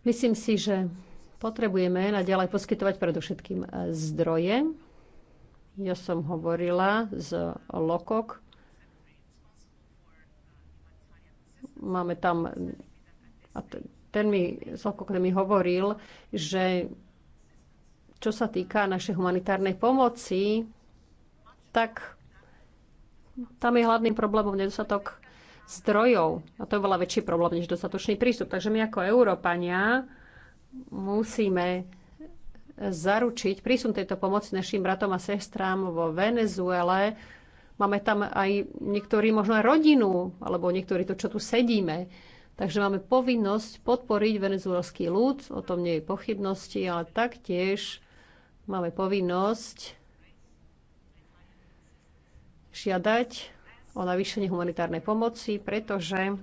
Myslím si, že potrebujeme naďalej poskytovať predovšetkým e, zdroje. Ja som hovorila z LOKOK. Máme tam... A ten mi, LOKOK mi hovoril, že čo sa týka našej humanitárnej pomoci, tak tam je hlavným problémom nedostatok zdrojov. A to je veľa väčší problém než dostatočný prístup. Takže my ako Európania musíme zaručiť prísun tejto pomoci našim bratom a sestrám vo Venezuele. Máme tam aj niektorí, možno aj rodinu, alebo niektorí to, čo tu sedíme. Takže máme povinnosť podporiť venezuelský ľud, o tom nie je pochybnosti, ale taktiež máme povinnosť žiadať o navýšení humanitárnej pomoci, pretože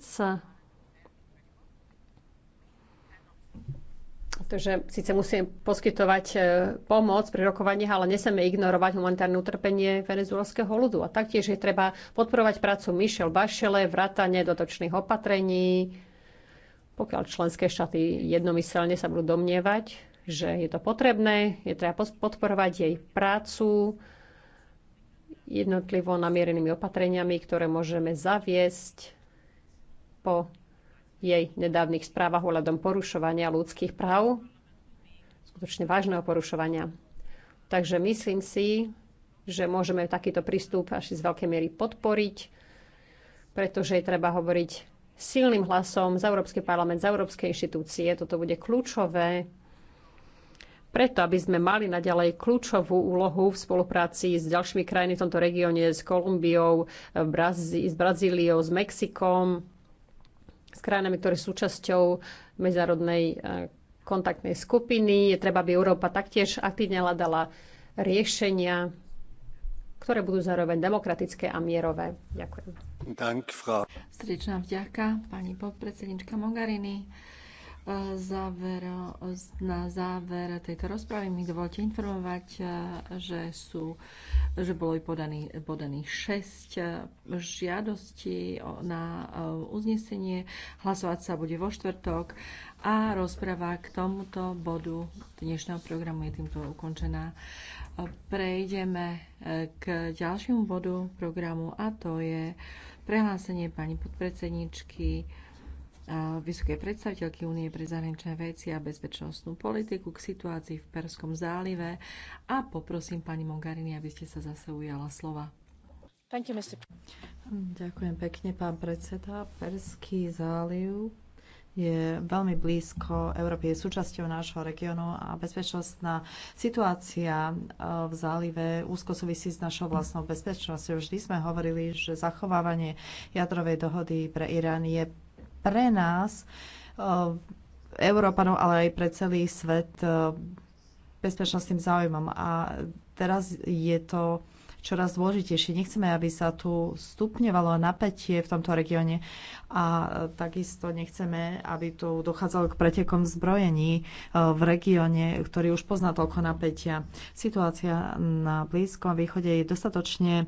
sa pretože síce musíme poskytovať e, pomoc pri rokovaní, ale neseme ignorovať humanitárne utrpenie venezuelského ľudu. A taktiež je treba podporovať prácu Michel Bašele, vrátanie dotočných opatrení, pokiaľ členské štáty jednomyselne sa budú domnievať, že je to potrebné, je treba podporovať jej prácu, jednotlivo namierenými opatreniami, ktoré môžeme zaviesť po jej nedávnych správach ohľadom porušovania ľudských práv, skutočne vážneho porušovania. Takže myslím si, že môžeme takýto prístup až z veľkej miery podporiť, pretože je treba hovoriť silným hlasom za Európsky parlament, za európske inštitúcie. Toto bude kľúčové preto, aby sme mali naďalej kľúčovú úlohu v spolupráci s ďalšími krajiny v tomto regióne, s Kolumbiou, Brazí s Brazíliou, s Mexikom, s krajinami, ktoré sú súčasťou medzinárodnej eh, kontaktnej skupiny. Je treba, aby Európa taktiež aktívne hľadala riešenia, ktoré budú zároveň demokratické a mierové. Ďakujem. Dank, Srdečná vďaka pani podpredsednička Mogarini záver, na záver tejto rozpravy mi dovolte informovať, eh, že, sú, že bolo podaný, podaných eh, 6 žiadostí na eh, uznesenie. Hlasovať sa bude vo štvrtok a rozprava k tomuto bodu dnešného programu je týmto ukončená. Prejdeme k ďalšiemu bodu programu a to je prehlásenie pani podpredsedničky vysokej predstaviteľky Únie pre zahraničné veci a bezpečnostnú politiku k situácii v Perskom zálive a poprosím pani Mongarini, aby ste sa zase ujala slova. You, Ďakujem pekne, pán predseda. Perský záliv je veľmi blízko Európy, je súčasťou nášho regiónu a bezpečnostná situácia e, v zálive úzko súvisí s našou vlastnou bezpečnosťou. Vždy sme hovorili, že zachovávanie jadrovej dohody pre Irán je pre nás, e, Európanov, ale aj pre celý svet e, bezpečnostným záujmom. A teraz je to čoraz dôležitejšie. Nechceme, aby sa tu stupňovalo napätie v tomto regióne a takisto nechceme, aby tu dochádzalo k pretekom zbrojení e, v regióne, ktorý už pozná toľko napätia. Situácia na Blízkom východe je dostatočne e,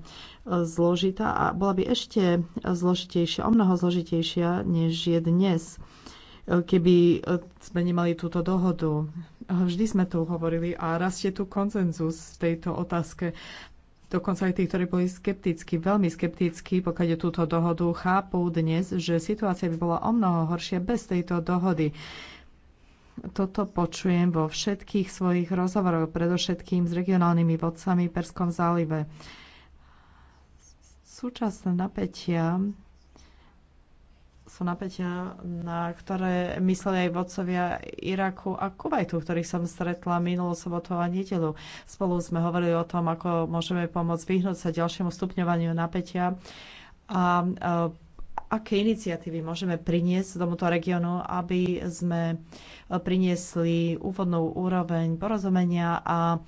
zložitá a bola by ešte zložitejšia, o mnoho zložitejšia, než je dnes e, keby sme nemali túto dohodu. Vždy sme tu hovorili a rastie tu koncenzus v tejto otázke dokonca aj tí, ktorí boli skeptickí, veľmi skeptickí, pokiaľ je túto dohodu, chápu dnes, že situácia by bola o mnoho horšia bez tejto dohody. Toto počujem vo všetkých svojich rozhovoroch, predovšetkým s regionálnymi vodcami v Perskom zálive. Súčasné napätia sú napätia, na ktoré mysleli aj vodcovia Iraku a Kuwaitu, ktorých som stretla minulú sobotu a nedelu. Spolu sme hovorili o tom, ako môžeme pomôcť vyhnúť sa ďalšiemu stupňovaniu napätia a, a aké iniciatívy môžeme priniesť tomuto regiónu, aby sme priniesli úvodnú úroveň porozumenia a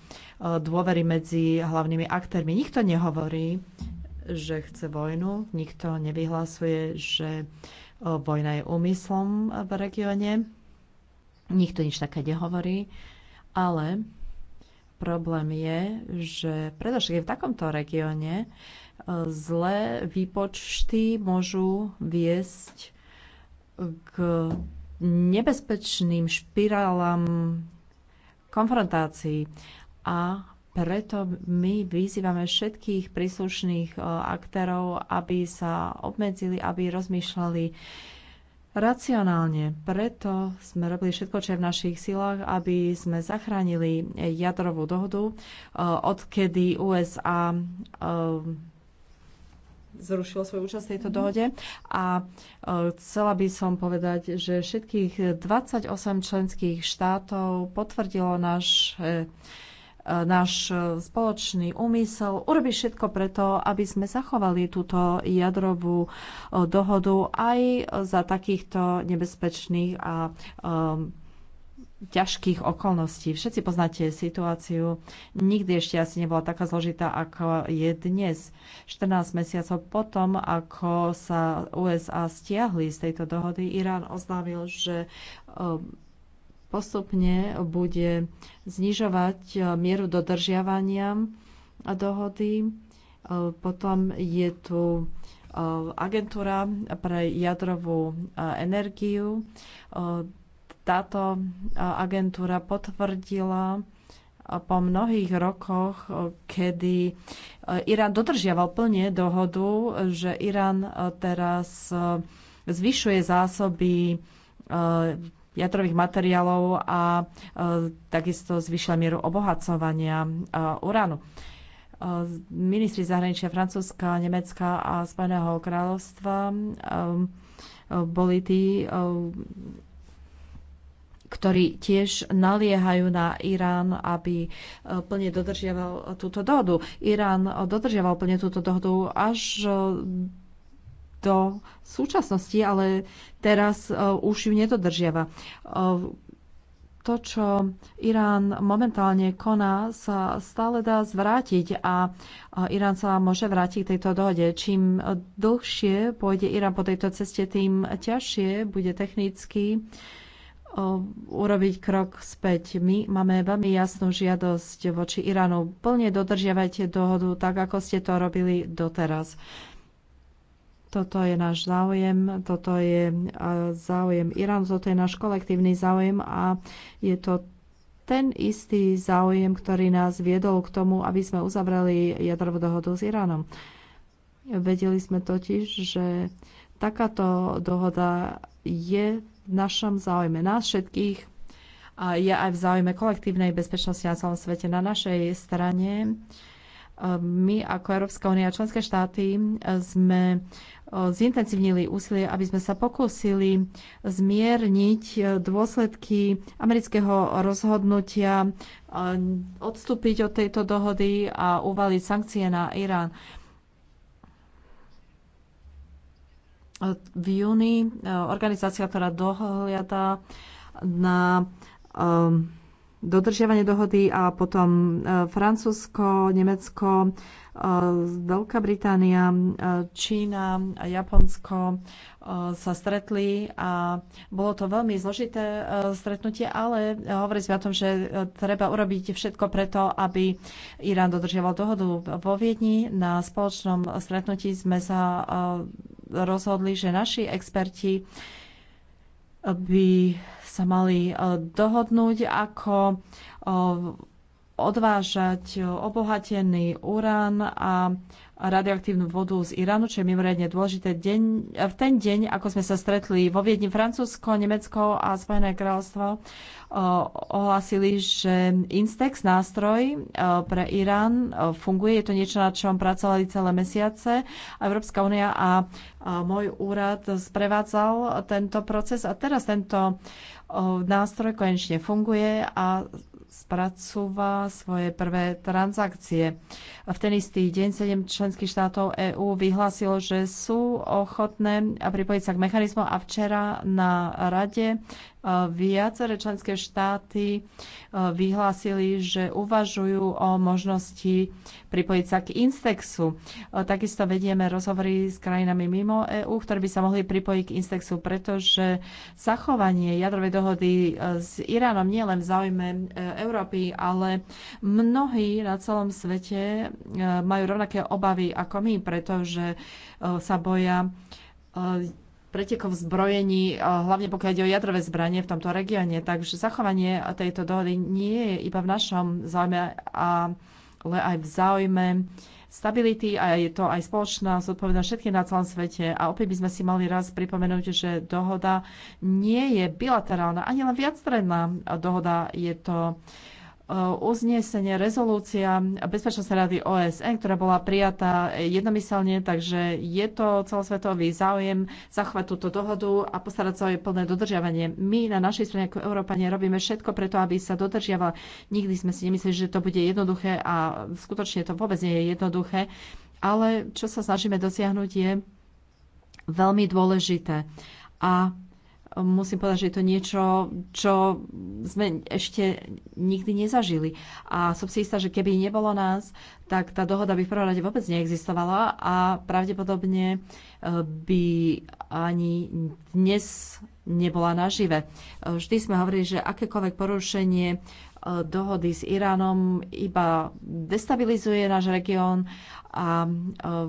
dôvery medzi hlavnými aktérmi. Nikto nehovorí, že chce vojnu, nikto nevyhlasuje, že Vojna je úmyslom v regióne. Nikto nič také nehovorí. Ale problém je, že predovšetkým v takomto regióne e, zlé výpočty môžu viesť k nebezpečným špirálam konfrontácií a preto my vyzývame všetkých príslušných e, aktérov, aby sa obmedzili, aby rozmýšľali racionálne. Preto sme robili všetko, čo je v našich silách, aby sme zachránili jadrovú dohodu, e, odkedy USA e, zrušilo svoju účasť v tejto mhm. dohode. A chcela by som povedať, že všetkých 28 členských štátov potvrdilo náš náš spoločný úmysel urobiť všetko preto, aby sme zachovali túto jadrovú e, dohodu aj za takýchto nebezpečných a um, ťažkých okolností. Všetci poznáte situáciu. Nikdy ešte asi nebola taká zložitá, ako je dnes. 14 mesiacov potom, ako sa USA stiahli z tejto dohody, Irán oznámil, že um, postupne bude znižovať e, mieru dodržiavania e, dohody. E, potom je tu agentúra pre jadrovú energiu. Táto agentúra potvrdila po mnohých rokoch, kedy Irán dodržiaval plne dohodu, že Irán teraz zvyšuje zásoby jadrových materiálov a e, takisto zvyšila mieru obohacovania e, uránu. E, ministri zahraničia Francúzska, Nemecka a Spojeného kráľovstva boli tí, ktorí tiež naliehajú na Irán, aby plne dodržiaval túto dohodu. Irán dodržiaval plne túto dohodu až to v súčasnosti, ale teraz e, už ju nedodržiava. E, to, čo Irán momentálne koná, sa stále dá zvrátiť a Irán sa môže vrátiť k tejto dohode. Čím dlhšie pôjde Irán po tejto ceste, tým ťažšie bude technicky e, urobiť krok späť. My máme veľmi jasnú žiadosť voči Iránu. Plne dodržiavajte dohodu tak, ako ste to robili doteraz. Toto je náš záujem, toto je záujem Iránu, toto je náš kolektívny záujem a je to ten istý záujem, ktorý nás viedol k tomu, aby sme uzavreli jadrovú dohodu s Iránom. Vedeli sme totiž, že takáto dohoda je v našom záujme nás všetkých a je aj v záujme kolektívnej bezpečnosti na celom svete. Na našej strane my ako Európska únia a členské štáty e, sme e, zintenzívnili úsilie, aby sme sa pokúsili zmierniť e, dôsledky amerického rozhodnutia odstúpiť od tejto dohody a uvaliť sankcie na Irán. V júni organizácia, ktorá dohliada na um, dodržiavanie dohody a potom e, Francúzsko, Nemecko, e, Veľká Británia, e, Čína a Japonsko sa stretli a bolo to veľmi zložité stretnutie, ale hovorili sme o tom, že treba urobiť všetko preto, aby Irán dodržiaval dohodu vo Viedni. Na spoločnom stretnutí sme sa rozhodli, že naši experti by sa mali e, dohodnúť, ako e, odvážať obohatený urán a radioaktívnu vodu z Iránu, čo je mimoriadne dôležité. Deň, v ten deň, ako sme sa stretli vo Viedni, Francúzsko, Nemecko a Spojené kráľovstvo, e, ohlásili, že Instex, nástroj pre Irán, funguje. Je to niečo, na čom pracovali celé mesiace. Európska únia a môj úrad sprevádzal tento proces a teraz tento nástroj konečne funguje a spracúva svoje prvé transakcie. V ten istý deň 7 členských štátov EÚ vyhlásilo, že sú ochotné pripojiť sa k mechanizmu a včera na rade Viaceré členské štáty e, vyhlásili, že uvažujú o možnosti pripojiť sa k Instexu. E, takisto vedieme rozhovory s krajinami mimo EÚ, ktoré by sa mohli pripojiť k Instexu, pretože zachovanie jadrovej dohody e, s Iránom nie len v záujme Európy, ale mnohí na celom svete majú rovnaké obavy ako my, pretože sa boja pretekov v zbrojení, eh, hlavne pokiaľ ide o jadrové zbranie v tomto regióne. Takže zachovanie tejto dohody nie je iba v našom záujme, ale aj v záujme stability a je to aj spoločná zodpovednosť všetkých na celom svete. A opäť by sme si mali raz pripomenúť, že dohoda nie je bilaterálna, ani len viacstredná dohoda. Je to uznesenie, rezolúcia Bezpečnostnej rady OSN, ktorá bola prijatá jednomyselne, takže je to celosvetový záujem zachovať túto dohodu a postarať sa o jej plné dodržiavanie. My na našej strane ako Európania robíme všetko preto, aby sa dodržiavala. Nikdy sme si nemysleli, že to bude jednoduché a skutočne to vôbec nie je jednoduché, ale čo sa snažíme dosiahnuť je veľmi dôležité. A musím povedať, že je to niečo, čo sme ešte nikdy nezažili. A som si istá, že keby nebolo nás, tak tá dohoda by v prvom rade vôbec neexistovala a pravdepodobne e, by ani dnes nebola nažive. E, vždy sme hovorili, že akékoľvek porušenie dohody s Iránom iba destabilizuje náš región a e,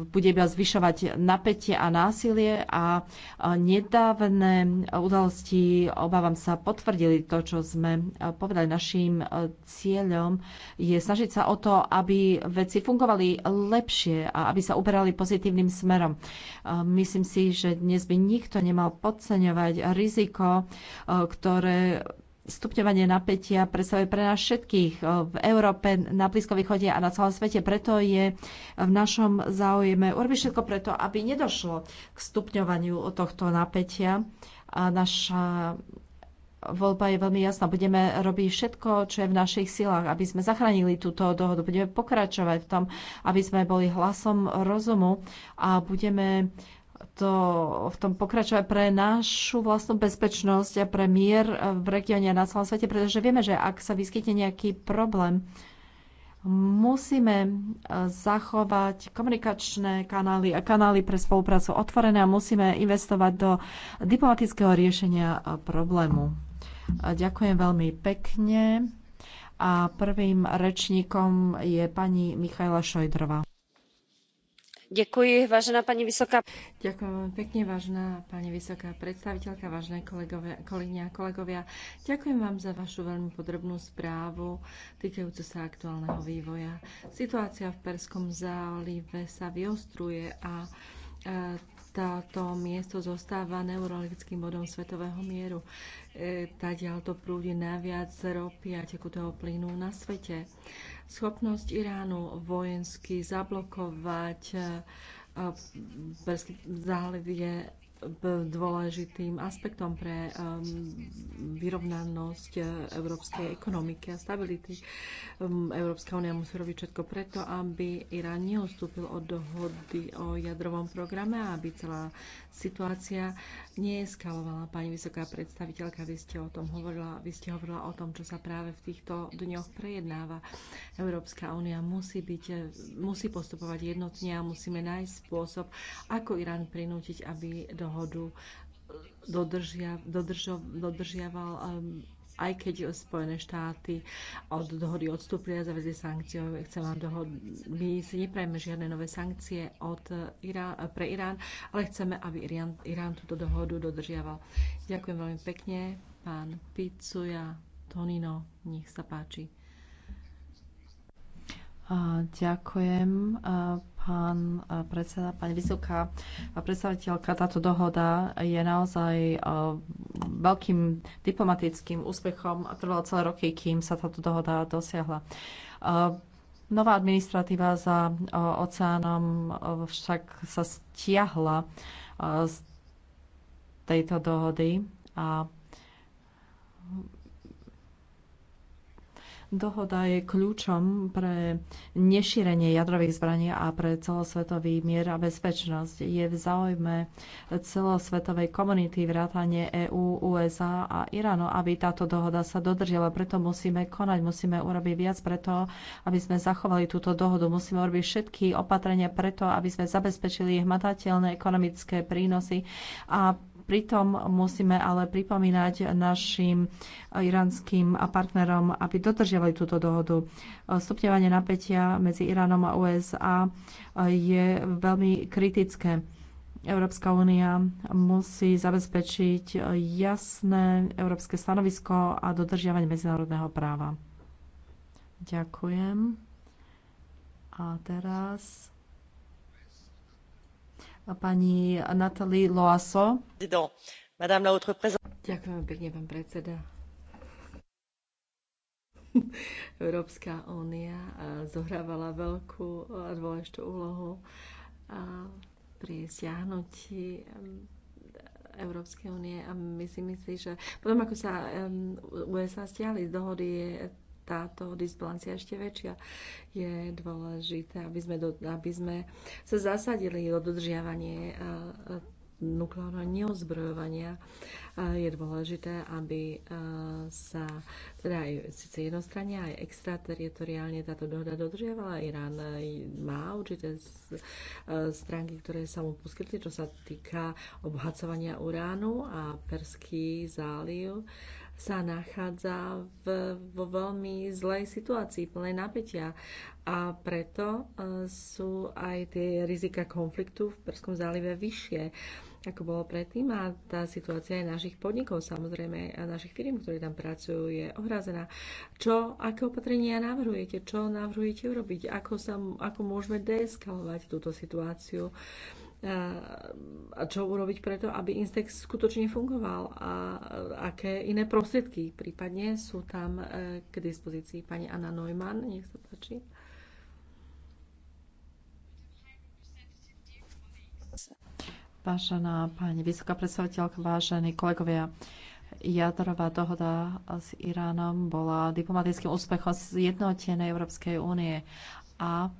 bude iba zvyšovať napätie a násilie a e, nedávne udalosti, obávam sa, potvrdili to, čo sme e, povedali. Našim cieľom je snažiť sa o to, aby veci fungovali lepšie a aby sa uberali pozitívnym smerom. Myslím si, že dnes by nikto nemal podceňovať riziko, ktoré stupňovanie napätia predstavuje pre nás všetkých e, v Európe, na Blízko východe a na celom svete. Preto je v našom záujme urobiť všetko preto, aby nedošlo k stupňovaniu tohto napätia. A naša voľba je veľmi jasná. Budeme robiť všetko, čo je v našich silách, aby sme zachránili túto dohodu. Budeme pokračovať v tom, aby sme boli hlasom rozumu a budeme uh, to, v tom pokračovať pre našu vlastnú bezpečnosť a pre mier v regióne a na celom svete, pretože vieme, že ak sa vyskytne nejaký problém, musíme e, zachovať komunikačné kanály a kanály pre spoluprácu otvorené a musíme investovať do diplomatického riešenia e, problému. E, ďakujem veľmi pekne a prvým rečníkom je pani Michaela Šojdrova. Ďakujem, vážená pani vysoká. Ďakujem veľmi pekne, vážená pani vysoká predstaviteľka, vážené kolegyne a kolegovia. Ďakujem vám za vašu veľmi podrobnú správu týkajúcu sa aktuálneho vývoja. Situácia v Perskom zálive sa vyostruje a e, táto miesto zostáva neurologickým bodom svetového mieru. E, Tadiaľ to prúdi naviac ropy a tekutého plynu na svete. E, schopnosť Iránu vojensky zablokovať e, e, záliv je dôležitým aspektom pre e, vyrovnanosť európskej ekonomiky a stability. Európska únia musí robiť všetko preto, aby Irán neustúpil od dohody o jadrovom programe a aby celá situácia neeskalovala. Pani vysoká predstaviteľka, vy ste o tom hovorila, vy ste hovorila o tom, čo sa práve v týchto dňoch prejednáva. Európska únia musí, byť, musí postupovať jednotne a musíme nájsť spôsob, ako Irán prinútiť, aby dohodu dodržia, dodržo, dodržiaval um, aj keď Spojené štáty od dohody odstúpili a zavedli sankcie. Chcem vám dohod- my si neprajeme žiadne nové sankcie od Irán, pre Irán, ale chceme, aby Irán, Irán túto dohodu dodržiaval. Ďakujem veľmi pekne, pán Picuja, Tonino, nech sa páči. Ďakujem, pán eh, predseda, pani vysoká eh, predstaviteľka, táto dohoda je naozaj eh, veľkým diplomatickým úspechom a trvalo celé roky, kým sa táto dohoda dosiahla. Nová administratíva za oceánom však sa stiahla z tejto dohody a Dohoda je kľúčom pre nešírenie jadrových zbraní a pre celosvetový mier a bezpečnosť. Je v záujme celosvetovej komunity vrátane EÚ, USA a Iránu, aby táto dohoda sa dodržala. Preto musíme konať, musíme urobiť viac preto, aby sme zachovali túto dohodu. Musíme urobiť všetky opatrenia preto, aby sme zabezpečili hmatateľné ekonomické prínosy a Pritom musíme ale pripomínať našim iránskym partnerom, aby dodržiavali túto dohodu. Stupňovanie napätia medzi Iránom a USA je veľmi kritické. Európska únia musí zabezpečiť jasné európske stanovisko a dodržiavanie medzinárodného práva. Ďakujem. A teraz pani Natalie Loaso. Ďakujem pekne, pán predseda. Európska únia eh, zohrávala veľkú a dôležitú úlohu eh, pri stiahnutí eh, Európskej únie a my si myslí, že potom ako sa USA stiahli z dohody táto disbalancia ešte väčšia. Je dôležité, aby sme, do, aby sme sa zasadili o dodržiavanie e, e, nukleárneho neozbrojovania. E, je dôležité, aby sa teda aj síce jednostranne, aj extrateritoriálne táto dohoda dodržiavala. Irán má určité stránky, ktoré sa mu poskytli, čo sa týka obohacovania uránu a Perský záliv sa nachádza v, vo veľmi zlej situácii, plnej napätia. A preto e, sú aj tie rizika konfliktu v Perskom zálive vyššie ako bolo predtým a tá situácia aj našich podnikov samozrejme a našich firm, ktorí tam pracujú, je ohrazená. Čo, aké opatrenia navrhujete? Čo navrhujete urobiť? Ako, sa, ako môžeme deeskalovať túto situáciu? Uh, a čo urobiť preto, aby Instex skutočne fungoval a aké iné prostriedky prípadne sú tam e, k dispozícii. Pani Anna Neumann, nech sa páči. Vážená pani vysoká predstaviteľka, vážení kolegovia, jadrová dohoda s Iránom bola diplomatickým úspechom zjednotenej Európskej únie a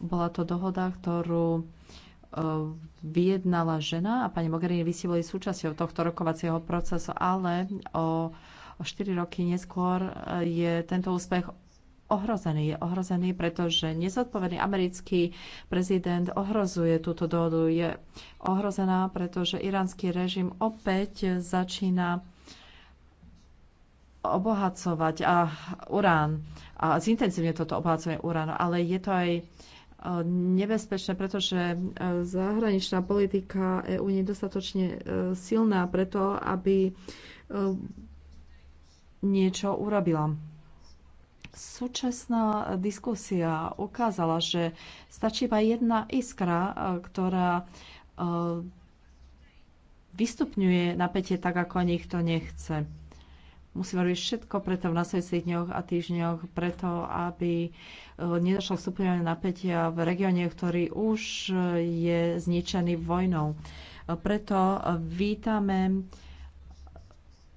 bola to dohoda, ktorú E, vyjednala žena a pani Mogherini, vy ste boli súčasťou tohto rokovacieho procesu, ale o 4 roky neskôr e, je tento úspech ohrozený. Je ohrozený, pretože nezodpovedný americký prezident ohrozuje túto dohodu. Je ohrozená, pretože iránsky režim opäť začína obohacovať a urán a zintenzívne toto obohacovanie uránu, ale je to aj nebezpečné, pretože e, zahraničná politika EÚ je nedostatočne e, silná preto, aby e, niečo urobila. Súčasná diskusia ukázala, že stačí iba jedna iskra, ktorá vystupňuje napätie tak, ako nikto nechce. Musíme robiť všetko preto v nasledujúcich dňoch a týždňoch, preto aby Eh, nedošlo k stupňovaniu napätia v regióne, ktorý už eh, je zničený vojnou. Eh, preto vítame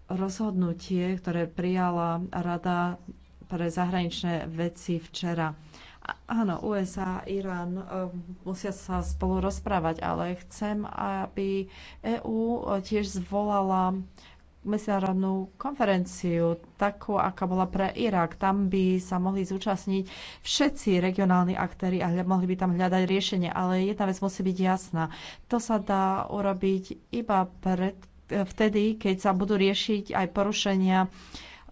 rozhodnutie, ktoré prijala Rada pre zahraničné veci včera. Áno, USA, Irán musia sa spolu rozprávať, ale chcem, aby EÚ tiež zvolala medzinárodnú konferenciu, takú, aká bola pre Irak. Tam by sa mohli zúčastniť všetci regionálni aktéry a mohli by tam hľadať riešenie. Ale jedna vec musí byť jasná. To sa dá urobiť iba pred, vtedy, keď sa budú riešiť aj porušenia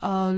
ľudí e,